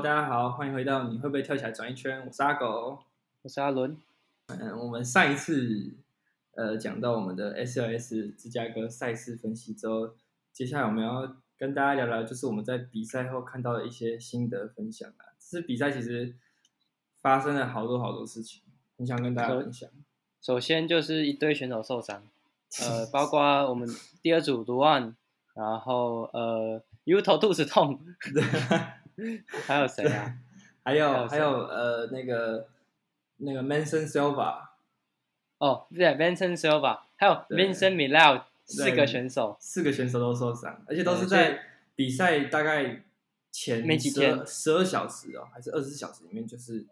大家好，歡迎回到你會不會跳起來轉一圈？我是阿狗，我是阿倫。嗯，我們上一次呃講到我們的 SLS 芝加哥賽事分析之後，接下來我們要跟大家聊聊，就是我們在比賽後看到的一些心得分享啊。其實比賽其實發生了好多好多事情，很想跟大家分享。首先就是一堆選手受傷，呃，包括我們第二組 Duane 然後呃 Yuto 肚子痛。還有誰啊？ 還有還有呃，那個那個 Mason Silva，哦，對，Mason Silva，還有 Vincent Milou 四對個選手，四個選手都受傷，對而且都是在比賽大概前十十二小時哦、喔，還是二十四小時裡面，就是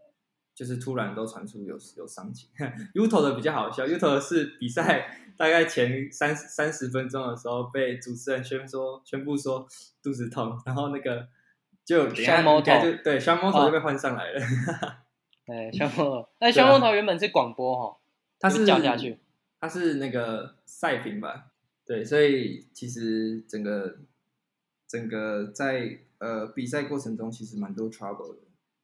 就是突然都傳出有有傷情。 Uto 的比較好笑，Uto 是比賽大概前三三十分鐘的時候被主持人宣說宣布說肚子痛，然後那個。就小摩托，就對，小摩托就被換上來了。哦、 對，小摩托，那小摩托原本是廣播哈、嗯哦，他是掉下去，他是那個賽評吧？對，所以其實整個整個在呃比賽過程中，其實蠻多 trouble 的。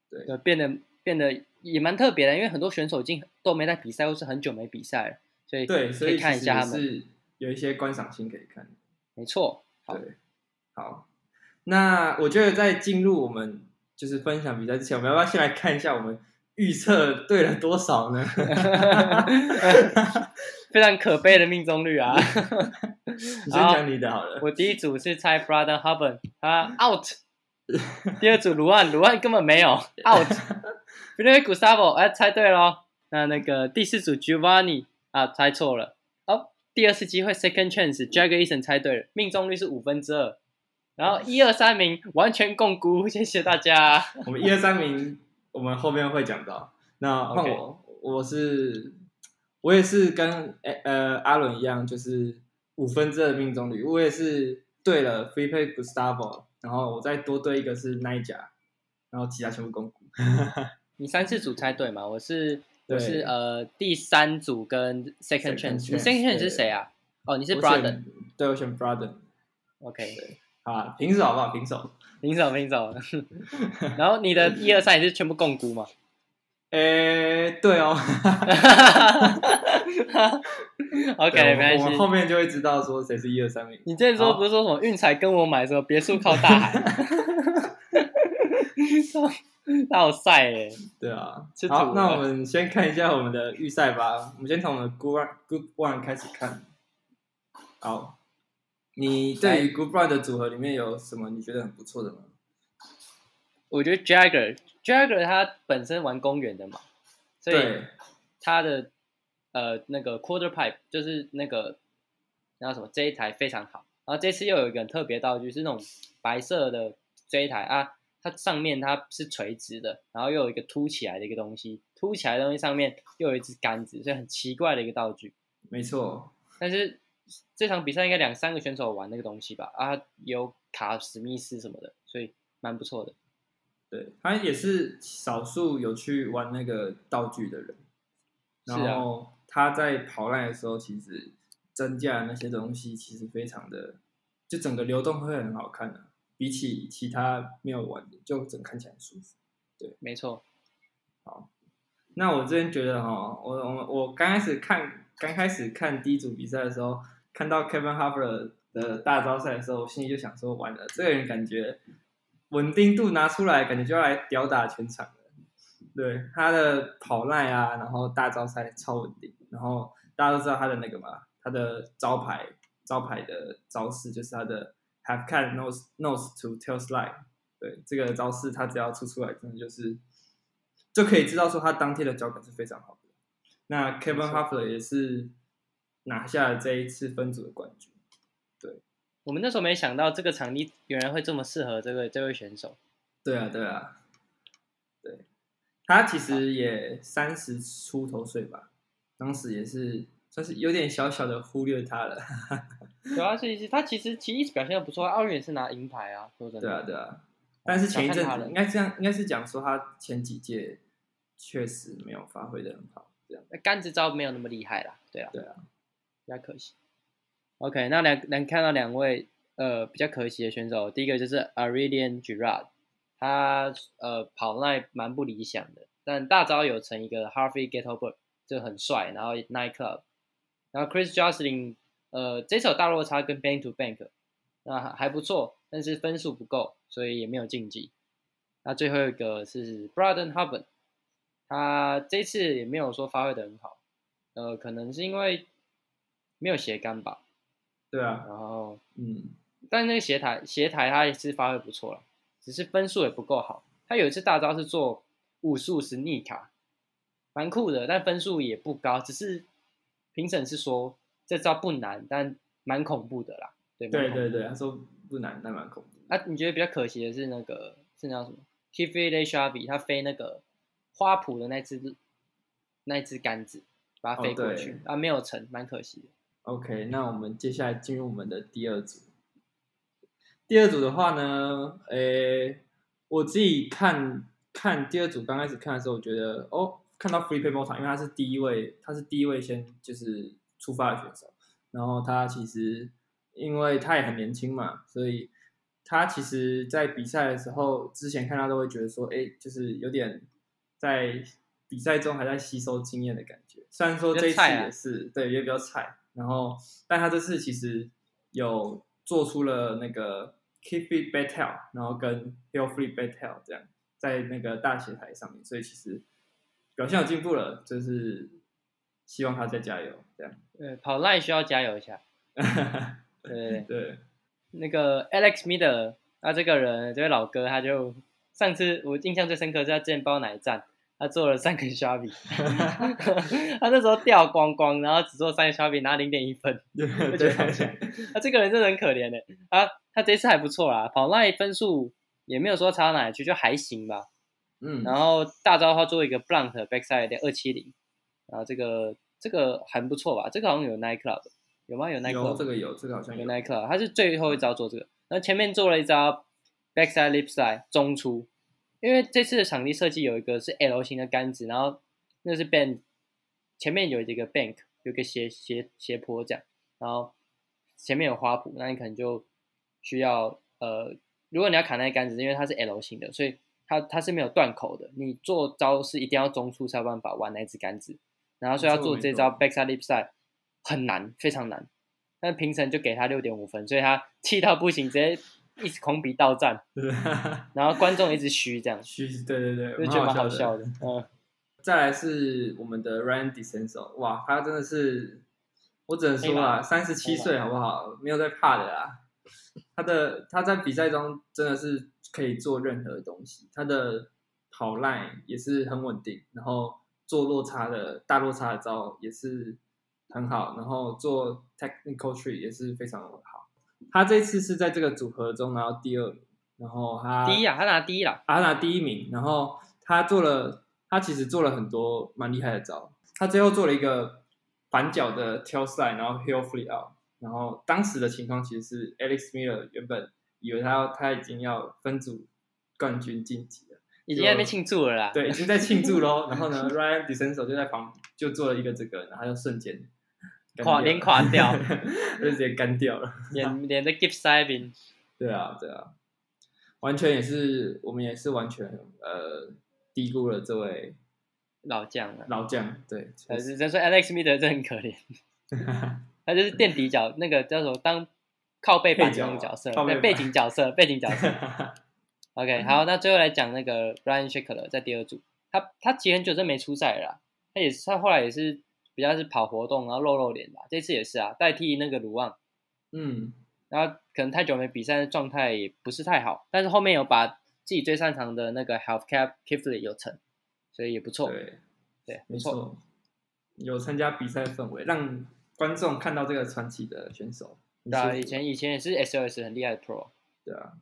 對，對，變得變得也蠻特別的，因為很多選手已經都沒在比賽，或是很久沒比賽了，所以對，所以看一下他們是有一些觀賞性可以看。沒錯，對，好。那我覺得在進入我們就是分享比賽之前，我們要不要先來看一下我們預測對了多少呢？ 呃、非常可悲的命中率啊！你先講你的好了。我第一組是猜 Brother Hubbard 他 out。 第二組盧安，盧安根本沒有 out。因為、really, Gustavo，猜對了。 那那個第四組 Giovanni，啊，猜錯了。哦，第二次機會 second chance，Jagger Eason 猜對了，命中率是五分之二。然後一二三名完全共估，謝謝大家。我們一二三名， 我們後面會講到。那換我，Okay. 我是我也是跟呃阿倫一樣，就是五分之二的命中率。我也是對了，Felipe Gustavo， 然後我再多對一個是 Nyjah 然後其他全部共，共估。 你三次組猜對嘛？我是對我是呃第三組跟 Second, second Chance，你 Second Chance 對是誰啊？哦、oh,，你是 Brother，對，我選 Brother，OK。對 Okay. 啊，平手好不好平手？平手，平手，平手。 然後你的一二三也是全部共估嘛？誒、欸，對哦。 OK，沒關係。我們後面就會知道說誰是一二三名。你之前說不是說什麼運彩好跟我買什麼別墅靠大海？哈哈哈哈哈！那好帥耶，對啊。去土 好，我們那我們先看一下我們的預賽吧。我們先從我們的 Group One Group One 開始看。好。你對 Goodbye 的組合裡面有什麼你覺得很不錯的嗎？我覺得 Jagger，Jagger 他本身玩公園的嘛，對所以他的呃那個 Quarter Pipe 就是那個，然後什麼，這一台非常好，然後這次又有一個很特別道具是那種白色的這一台啊，它上面它是垂直的，然後又有一個凸起來的一個東西，凸起來的東西上面又有一隻桿子，所以很奇怪的一個道具。沒錯錯，但是。這場比賽應該兩三個選手玩那個東西吧？啊，有卡史密斯什麼的，所以蠻不錯的。對，他也是少數有去玩那個道具的人。然後他在跑來的時候，其實增加的那些東西，其實非常的，就整個流動會很好看的、啊。比起其他沒有玩的，就整個看起來很舒服。對，沒錯。好。那我這邊覺得哈，我我我剛開始看剛開始看第一組比賽的時候，看到 Kelvin Hoefler 的大招賽的時候，我心裡就想說，完了，這個人感覺穩定度拿出來，感覺就要來吊打全場了。對他的跑 line 啊，然後大招賽超穩定，然後大家都知道他的那個嘛，他的招牌招牌的招式就是他的 Have Can Nose Nose to Tail Slide。對，這個招式他只要出出來，真的就是。就可以知道說他當天的腳感是非常好的。那 Kelvin Hoefler 也是拿下了這一次分組的冠軍。對，我們那時候沒想到這個場地原來會這麼適合這位這位選手。對啊，對啊，對。他其實也三十出頭歲吧，當時也是算是有點小小的忽略他了。對 啊，所以是他其實其實一直表現的不錯，奧運也是拿銀牌啊，對啊，對啊。但是前一陣子，應該這樣，應該是講說他前幾屆確實沒有發揮的很好，這樣子，哦。那干支招沒有那麼厲害啦，對啊，對啊，比較可惜。OK，那兩能看到兩位呃比較可惜的選手，第一個就是 Aurelien Giraud，他呃跑那蠻不理想的，但大招有成一個 Harvey Gatelberg 就很帥，然後 Night Club，然後 Chris Joslin 呃這手大落差跟 Bank to Bank，那還不錯，但是分數不夠，所以也沒有晉級。那最後一個是 Braden Hoban，b 他這次也沒有說發揮的很好。呃，可能是因為沒有斜桿吧。對啊、嗯。然後，嗯，嗯，但那個斜台斜台他也是發揮不錯了，只是分數也不夠好。他有一次大招是做武術是逆卡，蠻酷的，但分數也不高。只是評審是說，這招不難，但蠻恐怖的啦。對，對對對，他說不難，那蠻恐怖。那、啊、你覺得比較可惜的是那個是那樣什麼 k i f f a e y Sharpie，他飛那個花圃的那支那一只杆子，把它飛過去，oh, 對啊，沒有成，蠻可惜的。OK，那我們接下來進入我們的第二組。第二組的話呢，誒，我自己看看第二組剛開始看的時候，我覺得哦，看到 Filipe Mota 因為他是第一位，他是第一位先就是出發的選手，然後他其實。因為他也很年輕嘛，所以他其實在比賽的時候，之前看他都會覺得說，哎，就是有點在比賽中還在吸收經驗的感覺。雖然說這一次也是、啊、對，也比較菜，然後，但他這次其實有做出了那個、嗯、Keep It backtail 然後跟 Feel Free backtail 這樣，在那個大斜台上面，所以其實表現有進步了，嗯、就是希望他再加油，這樣。呃，跑賴需要加油一下。 對對，對那個 Alex Midler，那這個人這位老哥，他就上次我印象最深刻是在建包奶站，他做了三根刷 i 他那時候掉光光，然後只做三根刷 i 拿零點一分，我 對覺得對他這個人真的很可憐的，他、啊、他這次還不錯啦，跑 line 分數也沒有說差哪裡去，就還行吧。嗯，然後大招他做一個 blunt backside 二七零，然後這個這個還不錯吧，這個好像有 night club。有嗎？有耐克，這個有，這個好像有耐克，lo, 他是最後一招做這個，嗯、然後前面做了一招 backside lipside 中出，因為這次的場地設計有一個是 L 型的桿子，然後那是 bank，前面有一個 bank，有一個斜斜斜坡這樣，然後前面有花圃，那你可能就需要呃，如果你要砍那桿子，因為它是 L 型的，所以它它是沒有斷口的，你做招是一定要中出才有辦法玩那支桿子，然後所以要做這招 backside lipside、哦。這個很難，非常難。但評審就給他六點五分，所以他氣到不行，直接一直狂比倒讚， 然後觀眾一直噓這樣。噓，對對對，就覺得蠻好笑的。嗯、再來是我們的 Ryan Decenzo，哇，他真的是，我只能說啊，三十七歲好不好？沒有在怕的啦。他的他在比賽中真的是可以做任何東西，他的跑 line 也是很穩定，然後做落差的大落差的招也是。很好，然後做 technical tree 也是非常好。他這次是在這個組合中拿到第二名，然後他第一呀，啊，他拿第一了，啊拿第一名。然後他做了，他其實做了很多蠻厲害的招。他最後做了一個反腳的 tail slide，然後 heel flip out。然後當時的情況其實是 Alex Miller 原本以為他要他已經要分組冠軍晉級了，已經在被慶祝了啦。對，已經在慶祝嘍。 然後呢，Ryan Decenzo 就在旁就做了一個這個，然後就瞬間。垮連垮掉，就直接幹掉了，giftsiving。對啊，對啊，完全也是我們也是完全呃低估了這位老將了。老將對，呃，再說 Alex Midler 這很可憐，他就是墊底角那個叫做麼當靠背板那種角色，背景角色，背景角色。OK，好，那最後來講那個 Ryan Sheckler 在第二組，他他其實很久都沒出賽了，他也是他後來也是。比較是跑活動，然後露露臉吧，啊。這次也是啊，代替那個盧旺，嗯，然後可能太久沒比賽，狀態也不是太好。但是後面有把自己最擅長的那個 half cab kickflip 有成，所以也不錯。對，對，沒錯，錯有參加比賽氛圍，讓觀眾看到這個傳奇的選手。對，以前以前也是 SLS 很厲害的 pro。對啊，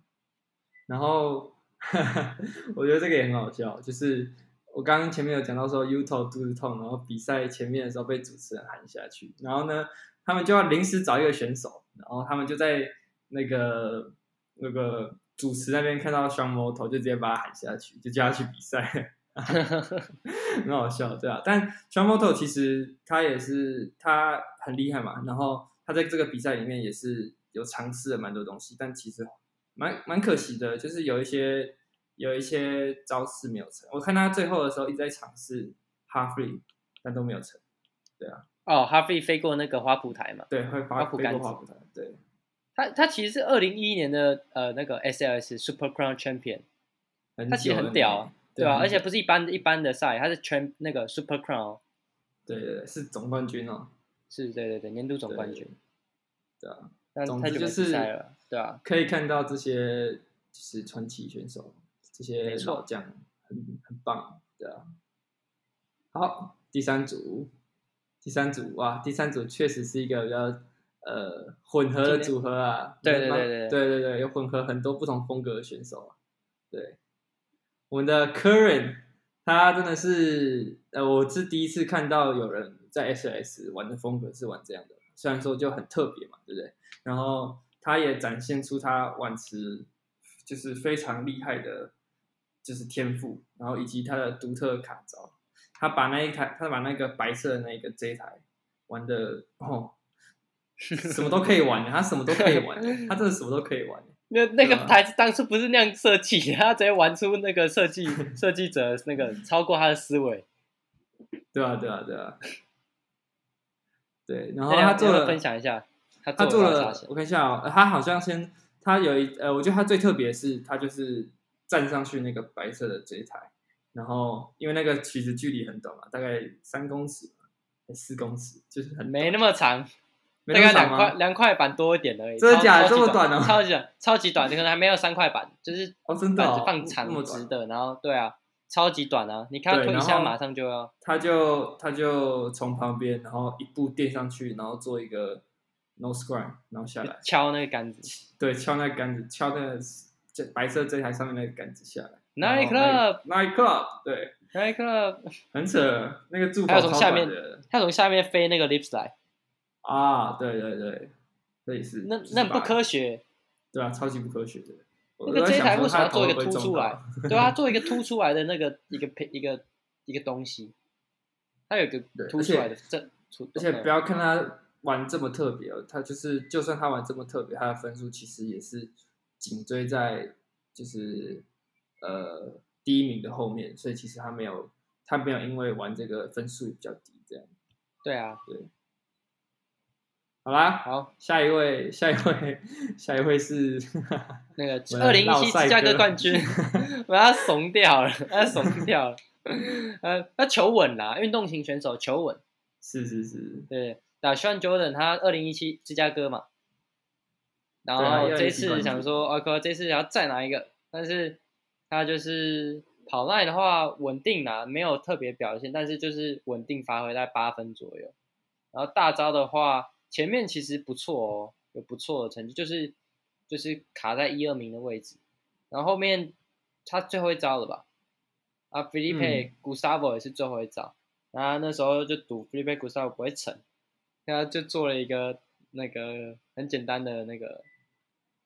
然後、嗯、 我覺得這個也很好笑，就是。我剛剛前面有講到說，UTO 肚子痛，然後比賽前面的時候被主持人喊下去，然後呢，他們就要臨時找一個選手，然後他們就在那個那個主持那邊看到雙 Moto，就直接把他喊下去，就叫他去比賽， 很好笑，對啊。但雙 Moto 其實他也是他很厲害嘛，然後他在這個比賽裡面也是有嘗試了蠻多東西，但其實蠻蠻可惜的，就是有一些。有一些招式沒有成，我看他最後的時候一直在嘗試 half free，但都沒有成。對啊，哦，half free 飛過那個花圃台嘛？對，會發花，花圃桿子。對，他他其實是二零一一年的呃那個 S L S Super Crown Champion，他其實很屌、啊，對啊，對而且不是一般一般的賽，他是全那個 Super Crown。對對，對是總冠軍哦、喔。是，對對對，年度總冠軍。對啊，但他就是，對啊，可以看到這些、就是傳奇選手。這些錯講錯很很棒的，啊，好，第三組，第三組哇，第三組確實是一個比較呃混合的組合啊，對對對嗎對對對，對，對，對有混合很多不同風格的選手啊，對，我們的 Curren，他真的是呃我是第一次看到有人在 SLS 玩的風格是玩這樣的，雖然說就很特別嘛，對不對？然後他也展現出他碗池就是非常厲害的。就是天賦，然後以及他的獨特的卡招，他把那一台，他把那個白色的那一個這一台玩的，哦，什麼都可以玩， 他什麼都可以玩，他真的什麼都可以玩。 吧那那個台子當初不是那樣設計，他直接玩出那個設計 設計者那個超過他的思維。對啊，對啊，對啊。對，然後他做了分享一下，哎、呀他做了，做了我看一下哦，他好像先他有一呃，我覺得他最特別是他就是。站上去那個白色的這一台，然後因為那個其實距離很短嘛，大概三公尺嘛，欸、四公尺，就是很短沒那麼長，大概兩塊兩塊板多一點而已。真的假的？這麼短呢？超級超級短，你可能、啊、 還沒有三塊板，就是哦真的放長直的，哦、那麼然後對啊，超級短啊！你看他推一下馬上就要，他就他就從旁邊，然後一步墊上去，然後做一個 no s q u a e 然後下來敲那個桿子，對，敲那個桿子，敲那個。白色這一台上面那個桿子下來，Nightclub，Nightclub，對，Nightclub，很扯，那個柱子，他從下面，他從下面飛那個 lips 來，啊，對對對，這也是，那那不科學，對吧？超級不科學的，那個這一台為什麼要做一個凸出來，對啊，做一個凸出來的那個一個配一個一個東西，它有個凸出來的正，而且不要看它玩這麼特別哦，它就是就算它玩這麼特別，它的分數其實也是。緊追在就是呃，第一名的後面，所以其實他沒有他沒有因為玩這個分數比較低這樣。對啊，對。好啦，好，下一位下一位下一位是那個二零一七芝加哥冠軍，把 他慫掉了，把他慫掉了，呃， 他求穩啦，運動型選手求穩，是是是，對，打 Sean Jordan 他二零一七芝加哥嘛。然後這次想說，二哥、啊哦、這次要再拿一個，但是他就是跑耐的話穩定拿，沒有特別表現，但是就是穩定發揮在八分左右。然後大招的話，前面其實不錯哦，有不錯的成績，就是就是卡在一二名的位置。然後後面他最後一招了吧？啊，Felipe Gustavo、嗯、也是最後一招，然後那時候就賭 Felipe Gustavo 不會成，然後就做了一個那個很簡單的那個。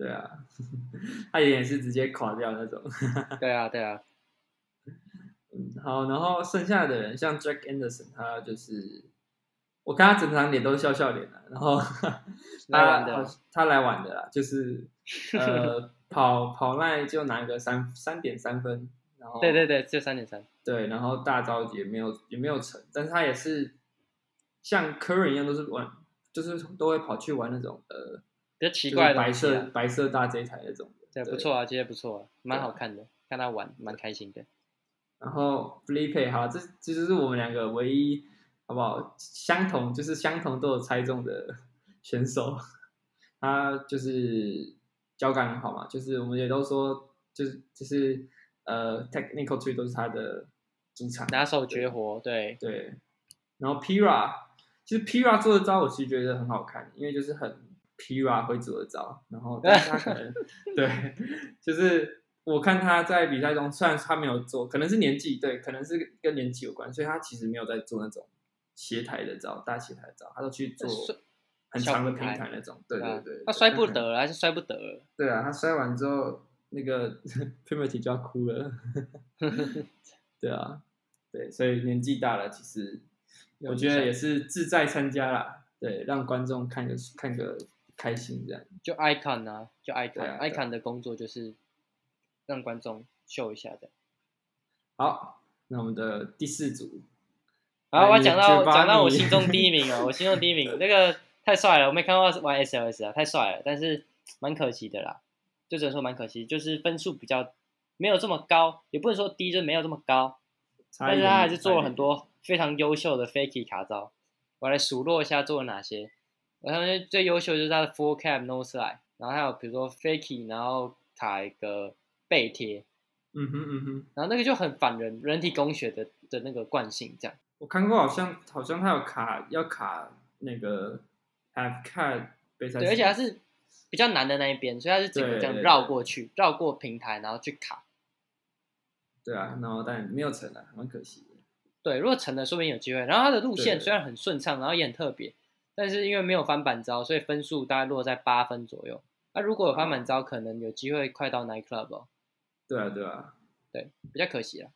對啊，他也，也是直接垮掉那種。 對啊，對啊、嗯。好，然後剩下的人像 Jack Anderson，他就是我看他整張臉都是笑笑臉的、啊，然後 他來玩、哦、他來玩的啦，就是呃 跑跑那就拿個三三點三分，然後對對對，就三點三。對，然後大招也沒有也沒有成，但是他也是像 Curry 一樣，都是玩就是都會跑去玩那種呃。比較奇怪的、啊，白，白色白色大 Z 台那種的，不錯啊，今天不錯，啊，蠻好看的，對看他玩蠻開心的。然後 Flipe 哈，這其實是我們兩個唯一好不好相同，就是相同都有猜中的選手。他就是腳感很好嘛，就是我們也都說，就是就是呃，technical tree 都是他的主場，拿手絕活，對對，對。然後 Pira，其實 Pira 做的招我其實覺得很好看，因為就是很。Pura 會做的招，然後但是他可能 對，就是我看他在比賽中，雖然他沒有做，可能是年紀，對，可能是跟年紀有關，所以他其實沒有在做那種斜台的招，大斜台的招，他都去做很長的平台那種。對，對對對。他摔不得，還是摔不得，對啊，他摔完之後，那個 Primitive 就要哭了。 對啊，對，所以年紀大了，其實我覺得也是志在參加啦，對，讓觀眾看個看個。開心這樣，就 icon 啊，就 icon，icon、啊、icon 的工作就是讓觀眾秀一下的。好，那我們的第四組，啊好，來我要講到講到我心中第一名啊，我心中第一名，那、 這個太帥了，我沒看到玩 SLS 啊，太帥了，但是蠻可惜的啦，就只能說蠻可惜，就是分數比較沒有這麼高，也不能說低，就沒有這麼高，但是他還是做了很多非常優秀的 fakie 卡招，我來數落一下做了哪些。我感覺最優秀就是他的 full cab nose slide，然後還有比如說 faking，然後卡一個背貼，嗯哼嗯哼，嗯哼然後那個就很反人人體工學的的那個慣性這樣。我看過好，好像好像他有卡要卡那個 half cab，對，而且他是比較難的那一邊，所以他是整個這樣繞過去，對對對對繞過平台然後去卡。對啊，然後但沒有成啊，很可惜，對，如果成了，說明有機會。然後他的路線雖然很順暢，對然後也很特別。但是因為沒有翻板招，所以分數大概落在八分左右。那、啊、如果有翻板招，可能有機會快到 Night Club，哦。對啊，對啊，對啊，對，比較可惜了。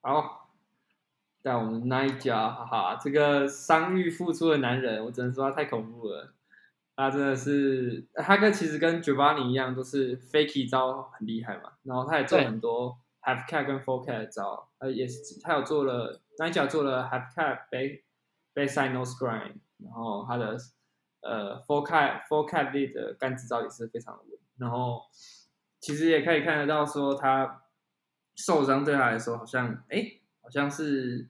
好，在我們 Nyjah、哈哈，這個傷愈復出的男人，我只能說他太恐怖了。他真的是，他跟其實跟九八零一樣，都、就是 Fakie 招很厲害嘛。然後他也做很多 Half Cab 跟 Full Cab 招，呃對，也是他有做了 Nyjah、做了 Half Cab Back 被塞諾斯乾，然後他的呃，four cat four cat 力的乾製造也是非常穩。然後其實也可以看得到，說他受傷對他來說好像誒、欸，好像是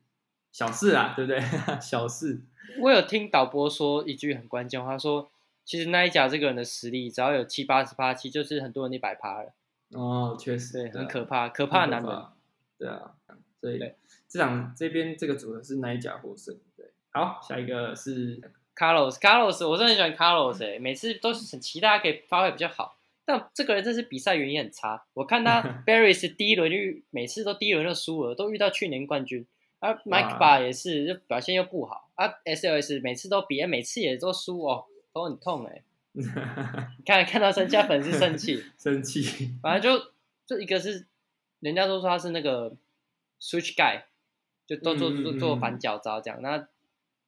小事啊，對不對，對？小事。我有聽導播說一句很關鍵話，他說其實那一甲這個人的實力，只要有七八十趴，其實就是很多人一百趴了。哦，確實，很可怕，可怕的男的。對啊，對這一類。這兩這邊這個組合是那一甲獲勝。好，下一個是 Carlos，Carlos，Carlos, 我真的很喜歡 Carlos，、欸、每次都是很期待他可以發揮比較好，但這個人真是比賽原因很差。我看他 Barry 是第一輪就每次都第一輪就輸了，都遇到去年冠軍，而、啊啊、Mike b 也是就哇表現又不好，啊，SLS 每次都比，每次也都輸哦，都很痛哎、欸。你 看看到身下粉絲生氣， 生氣 氣，反正就就一個是人家都說他是那個 Switch Guy，就都做、嗯、做、嗯、做反腳招這樣，那。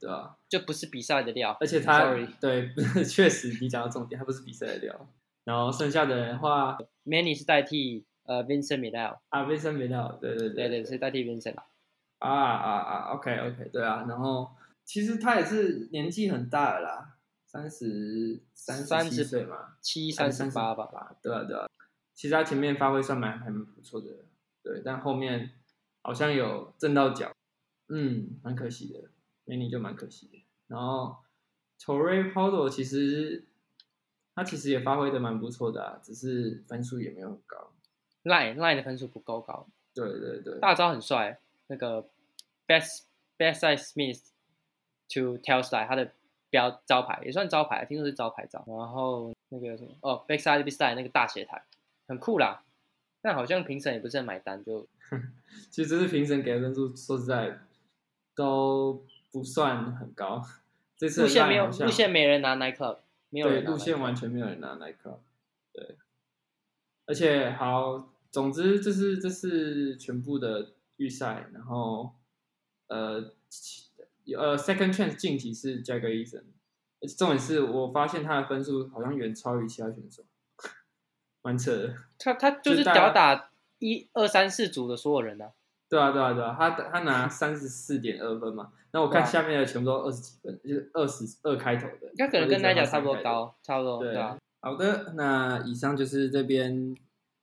對啊，就不是比賽的料，而且他 Sorry 對，確實你講的重點，他不是比賽的料。然後剩下的,人的話，Manny 是代替呃 Vincent Midal 啊，Vincent Midal，對對對對，是代替 Vincent 啊啊啊，OK OK，對啊。然後其實他也是年紀很大了啦，三十三三十七歲嘛，七三三八吧吧、啊，對啊對啊,對啊。其實他前面發揮算蠻還蠻不錯的，對，但後面好像有震到腳，嗯，蠻可惜的。那你就蠻可惜的。然後，Tory Pardo 其實他其實也發揮的蠻不錯的、啊，只是分數也沒有很高。Line Line 的分數不夠高。對對對。大招很帥，那個 Best Best Side Smith to Tail Slide 他的標招牌也算招牌，聽說是招牌招。然後那個什麼哦 b i g s i d e Bside 那個大斜台，很酷啦。但好像評審也不是很買單，就。 其實這是評審給的分數，說實在，都。不算很高，這次路線沒有路線，沒人拿耐克，沒有對，路線完全沒有人拿耐克、嗯。對。而且好，總之這是這是全部的預賽，然後呃其呃 Second Chance 晉級是 Jagger Eaton，重點是我發現他的分數好像遠超於其他選手，蠻扯的。他他就是屌打一二三四組的所有人呢、啊。對啊，對啊，對啊，他他拿三十四點二分嘛，那我看下面的全部都二十幾分，啊、就是二十二開頭的，應該可能跟大家差不多高，差不多對啊。好的，那以上就是這邊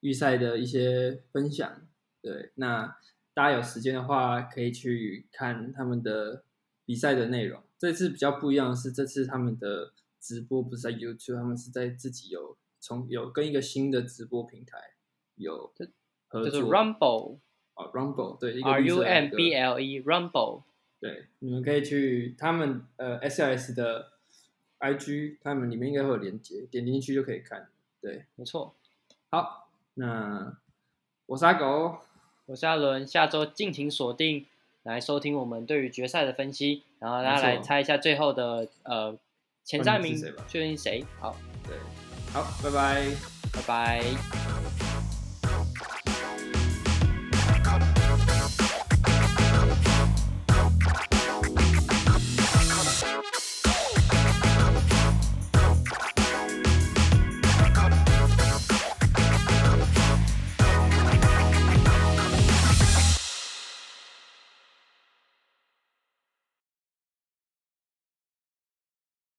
預賽的一些分享，對，那大家有時間的話可以去看他們的比賽的內容。這次比較不一樣的是這次他們的直播不是在 YouTube，他們是在自己有從有跟一個新的直播平台有合作，就，就是、um。Rumble。Oh, Rumble，對，一個綠色的那個，R U M B L E，Rumble。對，你們可以去他們呃 SLS 的 I G，他們裡面應該會有連接，點進去就可以看。對，沒錯錯。好，那我是阿狗，我是阿倫，下周盡情鎖定來收聽我們對於決賽的分析，然後大家來猜一下最後的錯呃前三名，確定誰？好，對，好，拜拜，拜拜。